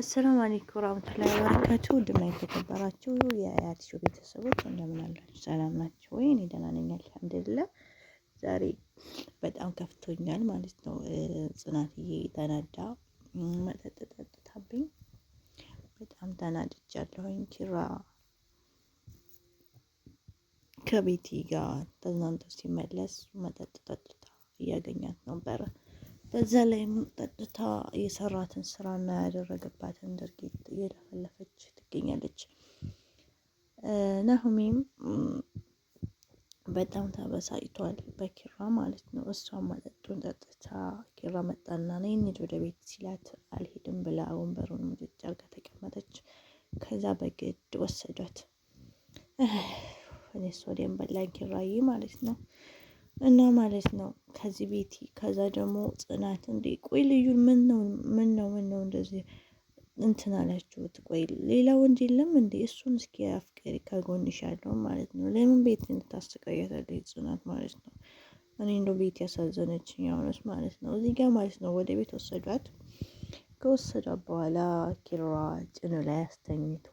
አሰላም አለይኩም ወራህመቱላሂ ወበረካቱ ድና የተከበራችሁ የአያት ሾው ቤተሰቦች እንደምን አላችሁ? ሰላም ናችሁ ወይ? እኔ ደህና ነኝ አልሐምዱሊላህ። ዛሬ በጣም ከፍቶኛል ማለት ነው። ጽናትዬ ተናዳ መጠጥ ጠጥታብኝ በጣም ተናድጃለሁኝ። ኪራ ከቤቲ ጋር ተዝናንቶ ሲመለስ መጠጥ ጠጥታ እያገኛት ነበረ። በዛ ላይም ጠጥታ የሰራትን ስራና ያደረገባትን ድርጊት እየለፈለፈች ትገኛለች። ናሁሜም በጣም ተበሳጭቷል፣ በኪራ ማለት ነው። እሷ መጠጡን ጠጥታ ኪራ መጣና ነይ እንሂድ ወደ ቤት ሲላት አልሄድም ብላ ወንበሩን ሙጭጭ አርጋ ተቀመጠች። ከዛ በግድ ወሰዷት። እኔ ሶዴን በላኝ ኪራዬ ማለት ነው። እና ማለት ነው ከዚህ ቤቲ ከዛ ደግሞ ጽናት እንዴ ቆይ ልዩን ምን ነው ምን ነው ምን ነው እንደዚህ እንትን አላችሁት? ቆይ ሌላ ወንድ የለም እንዴ? እሱን እስኪ አፍቀሪ ከጎንሽ ያለው ማለት ነው። ለምን ቤት እንድታስቀያታለች ጽናት ማለት ነው። እኔ እንደው ቤት ያሳዘነችኝ አሁንስ ማለት ነው። እዚህ ጋር ማለት ነው ወደ ቤት ወሰዷት። ከወሰዷት በኋላ ኪራ ጭኑ ላይ አስተኝቶ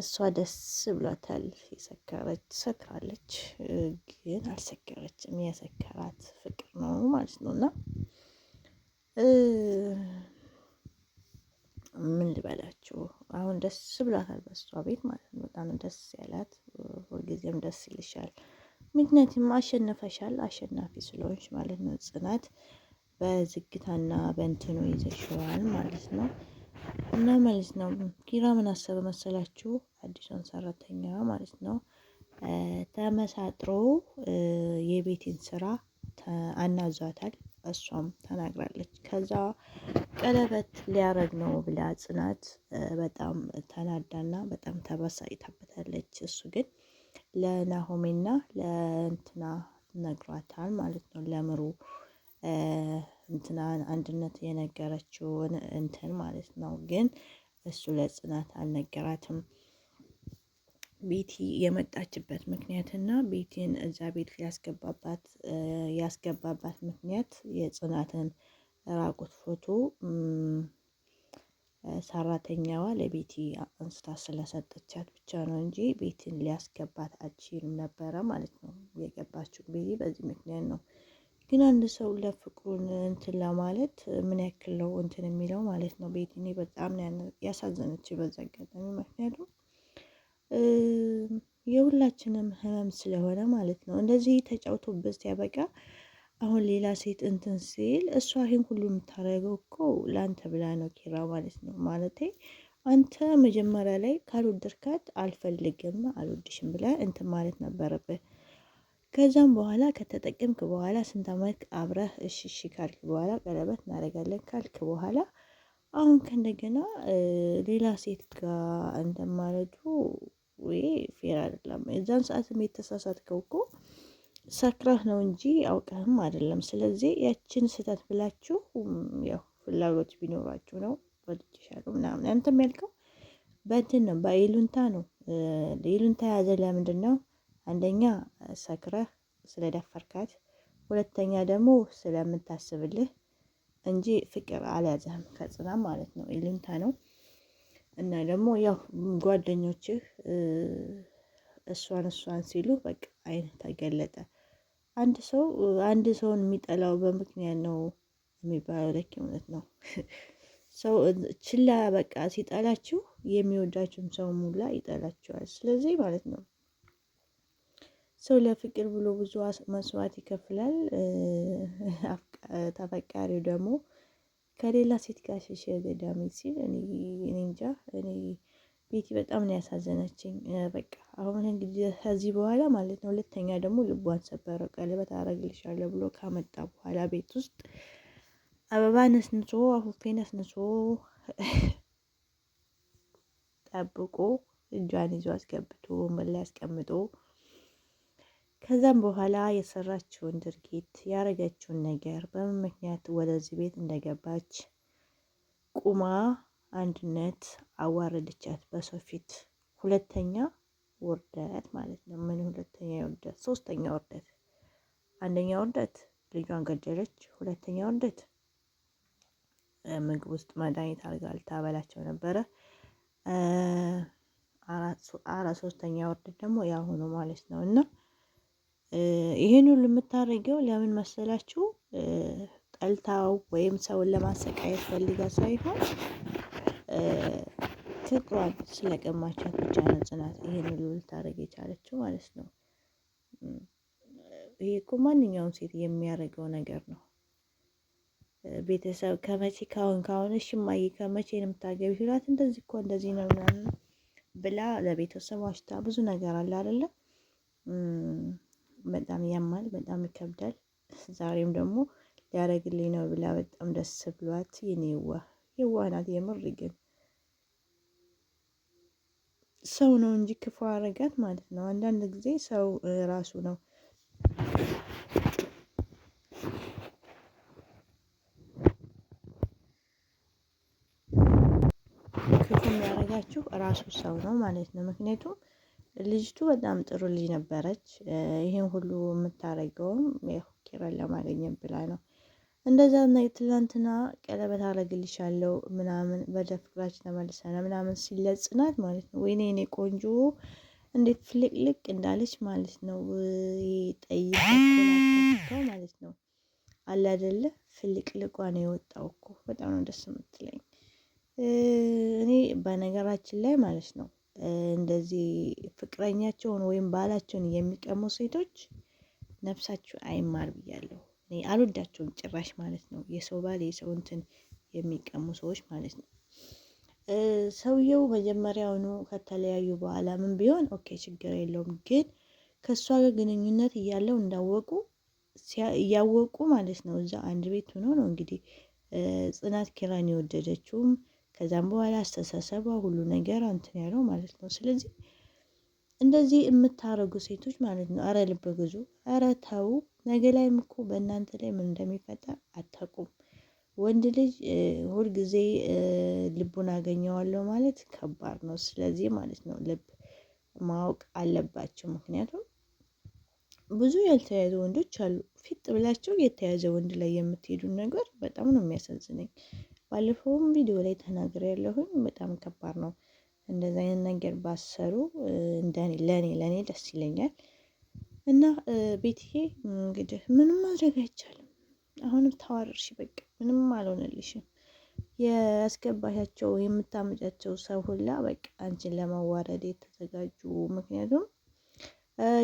እሷ ደስ ብሏታል። የሰከረች ሰክራለች፣ ግን አልሰከረችም። የሰከራት ፍቅር ነው ማለት ነው። እና ምን ልበላችሁ አሁን ደስ ብሏታል በእሷ ቤት ማለት ነው። በጣም ደስ ያላት፣ ሁልጊዜም ደስ ይልሻል። ምክንያቱም አሸንፈሻል፣ አሸናፊ ስለሆንሽ ማለት ነው። ጽናት በዝግታና በእንትኑ ይዘሽዋል ማለት ነው። እና ማለት ነው ኪራ ምን አሰበ መሰላችሁ? አዲሷን ሰራተኛ ማለት ነው ተመሳጥሮ የቤትን ስራ አናዟታል። እሷም ተናግራለች። ከዛ ቀለበት ሊያረግ ነው ብላ ጽናት በጣም ተናዳና በጣም ተበሳጭታበታለች። እሱ ግን ለናሆሜና ለእንትና ነግሯታል ማለት ነው ለምሩ እንትናን አንድነት የነገረችውን እንትን ማለት ነው። ግን እሱ ለጽናት አልነገራትም። ቤቲ የመጣችበት ምክንያት እና ቤቲን እዛ ቤት ያስገባባት ያስገባባት ምክንያት የጽናትን ራቁት ፎቶ ሰራተኛዋ ለቤቲ አንስታ ስለሰጠቻት ብቻ ነው እንጂ ቤቲን ሊያስገባት አችልም ነበረ ማለት ነው። የገባችው ቤቲ በዚህ ምክንያት ነው። ግን አንድ ሰው ለፍቅሩን እንትን ለማለት ምን ያክል ነው እንትን የሚለው ማለት ነው። ቤት እኔ በጣም ያሳዘነች በዛ አጋጣሚ ምክንያቱም የሁላችንም ህመም ስለሆነ ማለት ነው። እንደዚህ ተጫውቶበት ሲያበቃ አሁን ሌላ ሴት እንትን ሲል እሷ ይህን ሁሉ የምታደርገው እኮ ለአንተ ብላ ነው ኪራ ማለት ነው። ማለት አንተ መጀመሪያ ላይ ካልወደድካት አልፈልግም፣ አልወድሽም ብላ እንትን ማለት ነበረብህ። ከዛም በኋላ ከተጠቀምክ በኋላ ስንት ዓመት አብረህ እሺ እሺ ካልክ በኋላ ቀለበት እናደርጋለን ካልክ በኋላ አሁን ከእንደገና ሌላ ሴት ጋር እንደማለቱ ወይ ፌር አይደለም። የዛን ሰዓትም የተሳሳትከው እኮ ሰክረህ ነው እንጂ አውቀህም አይደለም። ስለዚህ ያችን ስህተት ብላችሁ ያው ፍላጎት ቢኖራችሁ ነው ወድሻሉ ምናምን አንተም ያልከው በእንትን ነው በይሉንታ ነው። ይሉንታ የያዘ ለምንድን ነው? አንደኛ ሰክረህ ስለደፈርካት፣ ሁለተኛ ደግሞ ስለምታስብልህ እንጂ ፍቅር አልያዘህም። ከጽና ማለት ነው ይሉኝታ ነው። እና ደግሞ ያው ጓደኞችህ እሷን እሷን ሲሉ በቃ አይነት ተገለጠ። አንድ ሰው አንድ ሰውን የሚጠላው በምክንያት ነው የሚባለው ልክ እውነት ነው። ሰው ችላ በቃ ሲጠላችሁ የሚወዳችሁም ሰው ሙላ ይጠላችኋል። ስለዚህ ማለት ነው ሰው ለፍቅር ብሎ ብዙ መስዋዕት ይከፍላል። ተፈቃሪው ደግሞ ከሌላ ሴት ጋር ሸሸ ገዳሚ ሲል እኔ እንጃ። እኔ ቤቲ በጣም ነው ያሳዘነችኝ። በቃ አሁን እንግዲህ ከዚህ በኋላ ማለት ነው። ሁለተኛ ደግሞ ልቧን ሰበረው። ቀለበት አረግልሻለሁ ብሎ ካመጣ በኋላ ቤት ውስጥ አበባ ነስንሶ አፉፌ ነስንሶ ጠብቆ እጇን ይዞ አስገብቶ ወንበር ላይ አስቀምጦ ከዛም በኋላ የሰራችውን ድርጊት ያረገችውን ነገር በምን ምክንያት ወደዚህ ቤት እንደገባች ቁማ አንድነት አዋረደቻት በሰው ፊት። ሁለተኛ ውርደት ማለት ነው። ምን ሁለተኛ ውርደት? ሶስተኛ ውርደት። አንደኛ ውርደት ልጇን ገደለች። ሁለተኛ ውርደት ምግብ ውስጥ መድኃኒት አድርጋ ልታበላቸው ነበረ። አራት ሶስተኛ ውርደት ደግሞ ያሁኑ ማለት ነው እና ይሄን ሁሉ የምታደርገው ለምን መሰላችሁ? ጠልታው ወይም ሰውን ለማሰቃየት ፈልጋ ሳይሆን ፍቅሯን ስለቀማቻት ብቻ ነው ጽናት ይሄን ሁሉ ልታደርግ የቻለችው ማለት ነው። ይሄ እኮ ማንኛውም ሴት የሚያደርገው ነገር ነው። ቤተሰብ ከመቼ ካሁን ካሁን እሺ እማዬ ከመቼ ነው የምታገቢው እንደዚህ እኮ እንደዚህ ነው ምናምን ብላ ለቤተሰብ ዋሽታ ብዙ ነገር አለ አይደለም በጣም ያማል፣ በጣም ይከብዳል። ዛሬም ደግሞ ሊያደርግልኝ ነው ብላ በጣም ደስ ብሏት የኔ ዋ የዋ ናት። የምር ግን ሰው ነው እንጂ ክፉ አረጋት ማለት ነው። አንዳንድ ጊዜ ሰው ራሱ ነው ክፉ የሚያረጋችሁ ራሱ ሰው ነው ማለት ነው። ምክንያቱም ልጅቱ በጣም ጥሩ ልጅ ነበረች። ይህን ሁሉ የምታረገውም ያው ኪራን ለማግኘት ብላ ነው። እንደዛ ና ትላንትና ቀለበት አረግልሻለሁ ምናምን በደፍራች ተመልሰነ ምናምን ሲለጽናት ማለት ነው። ወይኔ እኔ ቆንጆ እንዴት ፍልቅልቅ እንዳለች ማለት ነው። ጠይቅ ማለት ነው አለ አይደለ? ፍልቅልቋ ነው የወጣው እኮ በጣም ነው ደስ የምትለኝ። እኔ በነገራችን ላይ ማለት ነው እንደዚህ ፍቅረኛቸውን ወይም ባላቸውን የሚቀሙ ሴቶች ነፍሳችሁ አይማር ብያለሁ። እኔ አልወዳቸውም ጭራሽ ማለት ነው። የሰው ባል የሰው እንትን የሚቀሙ ሰዎች ማለት ነው። ሰውየው መጀመሪያውኑ ከተለያዩ በኋላ ምን ቢሆን ኦኬ ችግር የለውም። ግን ከእሷ ጋር ግንኙነት እያለው እንዳወቁ እያወቁ ማለት ነው እዛ አንድ ቤት ሆኖ ነው እንግዲህ ጽናት ኪራን የወደደችውም ከዛም በኋላ አስተሳሰቧ ሁሉ ነገር እንትን ያለው ማለት ነው። ስለዚህ እንደዚህ የምታረጉ ሴቶች ማለት ነው። አረ ልብ ግዙ፣ አረ ተው። ነገ ላይም እኮ በእናንተ ላይ ምን እንደሚፈጠር አታውቁም። ወንድ ልጅ ሁልጊዜ ልቡን አገኘዋለሁ ማለት ከባድ ነው። ስለዚህ ማለት ነው ልብ ማወቅ አለባቸው። ምክንያቱም ብዙ ያልተያዘ ወንዶች አሉ። ፊት ብላቸው የተያዘ ወንድ ላይ የምትሄዱን ነገር በጣም ነው የሚያሳዝነኝ። ባለፈውም ቪዲዮ ላይ ተናግሬ ያለሁኝ በጣም ከባድ ነው። እንደዚ አይነት ነገር ባሰሩ እንደኔ ለእኔ ለእኔ ደስ ይለኛል። እና ቤትዬ እንግዲህ ምንም ማድረግ አይቻልም። አሁንም ታዋርርሽ፣ በቃ ምንም አልሆነልሽም። የአስገባሻቸው የምታመጫቸው ሰው ሁላ በቃ አንቺን ለማዋረድ የተዘጋጁ ምክንያቱም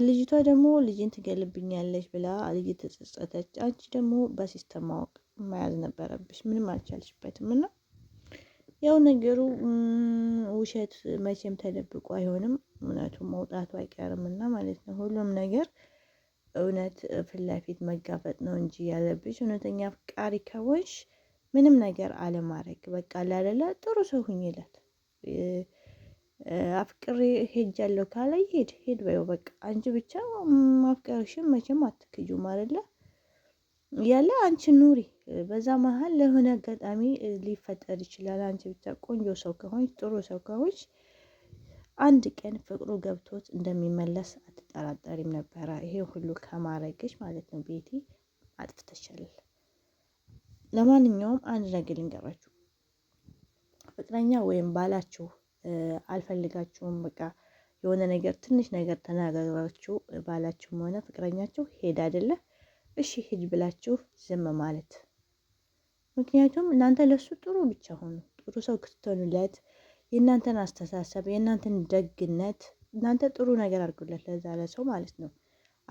ልጅቷ ደግሞ ልጅን ትገልብኛለች ብላ ልጅ ተጸጸተች። አንቺ ደግሞ በሲስተም ማወቅ መያዝ ነበረብሽ፣ ምንም አልቻልሽበትም። እና ያው ነገሩ ውሸት መቼም ተደብቆ አይሆንም፣ እውነቱ መውጣቱ አይቀርም እና ማለት ነው ሁሉም ነገር እውነት ፊት ለፊት መጋፈጥ ነው እንጂ ያለብሽ። እውነተኛ አፍቃሪ ከሆንሽ ምንም ነገር አለማድረግ በቃ ላለለ ጥሩ ሰው ሁኝለት። አፍቅሬ ሄጃለሁ ካለ ሄድ ሄድ በይው በቃ። አንቺ ብቻ ማፍቀርሽን መቼም አትክጁም አይደለ? ያለ አንቺ ኑሪ። በዛ መሀል ለሆነ አጋጣሚ ሊፈጠር ይችላል። አንቺ ብቻ ቆንጆ ሰው ከሆንሽ፣ ጥሩ ሰው ከሆንሽ አንድ ቀን ፍቅሩ ገብቶት እንደሚመለስ አትጠራጠሪም ነበረ። ይሄ ሁሉ ከማረግሽ ማለት ነው ቤቲ አጥፍተሻል። ለማንኛውም አንድ ነገር ልንገራችሁ፣ ፍቅረኛ ወይም ባላችሁ አልፈልጋችሁም በቃ የሆነ ነገር ትንሽ ነገር ተናገራችሁ፣ ባላችሁም ሆነ ፍቅረኛችሁ ሄድ አይደለም እሺ ሂጅ ብላችሁ ዝም ማለት። ምክንያቱም እናንተ ለሱ ጥሩ ብቻ ሆኑ። ጥሩ ሰው ክትሆኑለት የእናንተን አስተሳሰብ የእናንተን ደግነት እናንተ ጥሩ ነገር አድርጉለት ለዛ ለሰው ማለት ነው።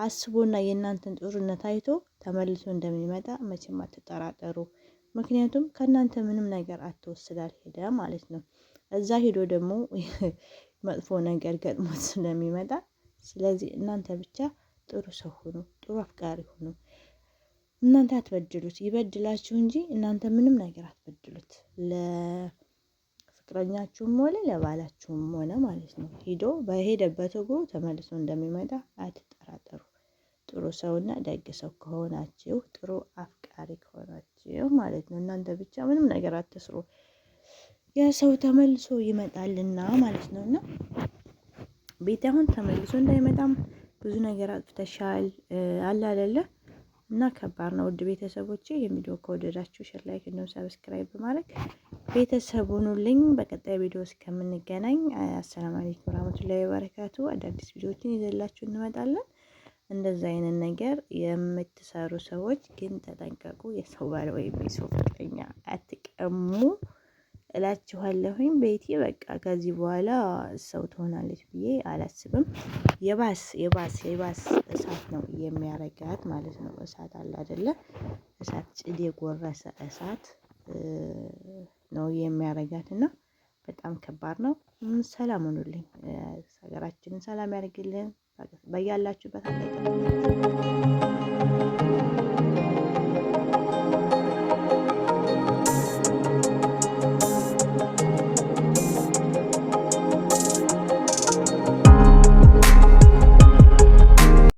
አስቦና የእናንተን ጥሩነት አይቶ ተመልሶ እንደሚመጣ መቼም አትጠራጠሩ። ምክንያቱም ከእናንተ ምንም ነገር አትወስዳል ሄደ ማለት ነው። እዛ ሄዶ ደግሞ መጥፎ ነገር ገጥሞት ስለሚመጣ ስለዚህ እናንተ ብቻ ጥሩ ሰው ሁኑ፣ ጥሩ አፍቃሪ ሁኑ። እናንተ አትበድሉት፣ ይበድላችሁ እንጂ እናንተ ምንም ነገር አትበድሉት። ለፍቅረኛችሁም ሆነ ለባላችሁም ሆነ ማለት ነው። ሂዶ በሄደበት እግሩ ተመልሶ እንደሚመጣ አትጠራጠሩ። ጥሩ ሰውና ደግ ሰው ከሆናችሁ፣ ጥሩ አፍቃሪ ከሆናችሁ ማለት ነው። እናንተ ብቻ ምንም ነገር አትስሩ፣ የሰው ተመልሶ ይመጣልና ማለት ነው። እና ቤት አሁን ተመልሶ እንዳይመጣም ብዙ ነገር አጥፍተሻል አለ አይደለ እና ከባድ ነው። ውድ ቤተሰቦች ይህን ቪዲዮ ከወደዳችሁ ሸር፣ ላይክ እንዲሁም ሰብስክራይብ በማድረግ ቤተሰብ ሁኑልኝ። በቀጣይ ቪዲዮ እስከምንገናኝ አሰላም አለይኩም ወራህመቱላሂ ወበረካቱ። አዳዲስ ቪዲዮዎችን ይዘላችሁ እንመጣለን። እንደዛ አይነት ነገር የምትሰሩ ሰዎች ግን ተጠንቀቁ። የሰው ባለ ወይም የሰው ፍቅረኛ አትቀሙ። እላችኋለሁኝ። ቤቲ በቃ ከዚህ በኋላ ሰው ትሆናለች ብዬ አላስብም። የባስ የባስ የባስ እሳት ነው የሚያረጋት ማለት ነው። እሳት አለ አይደለ? እሳት ጭድ የጎረሰ እሳት ነው የሚያረጋት እና በጣም ከባድ ነው። ሰላም ሆኑልኝ። ሀገራችንን ሰላም ያደርግልን። በያላችሁበት አለ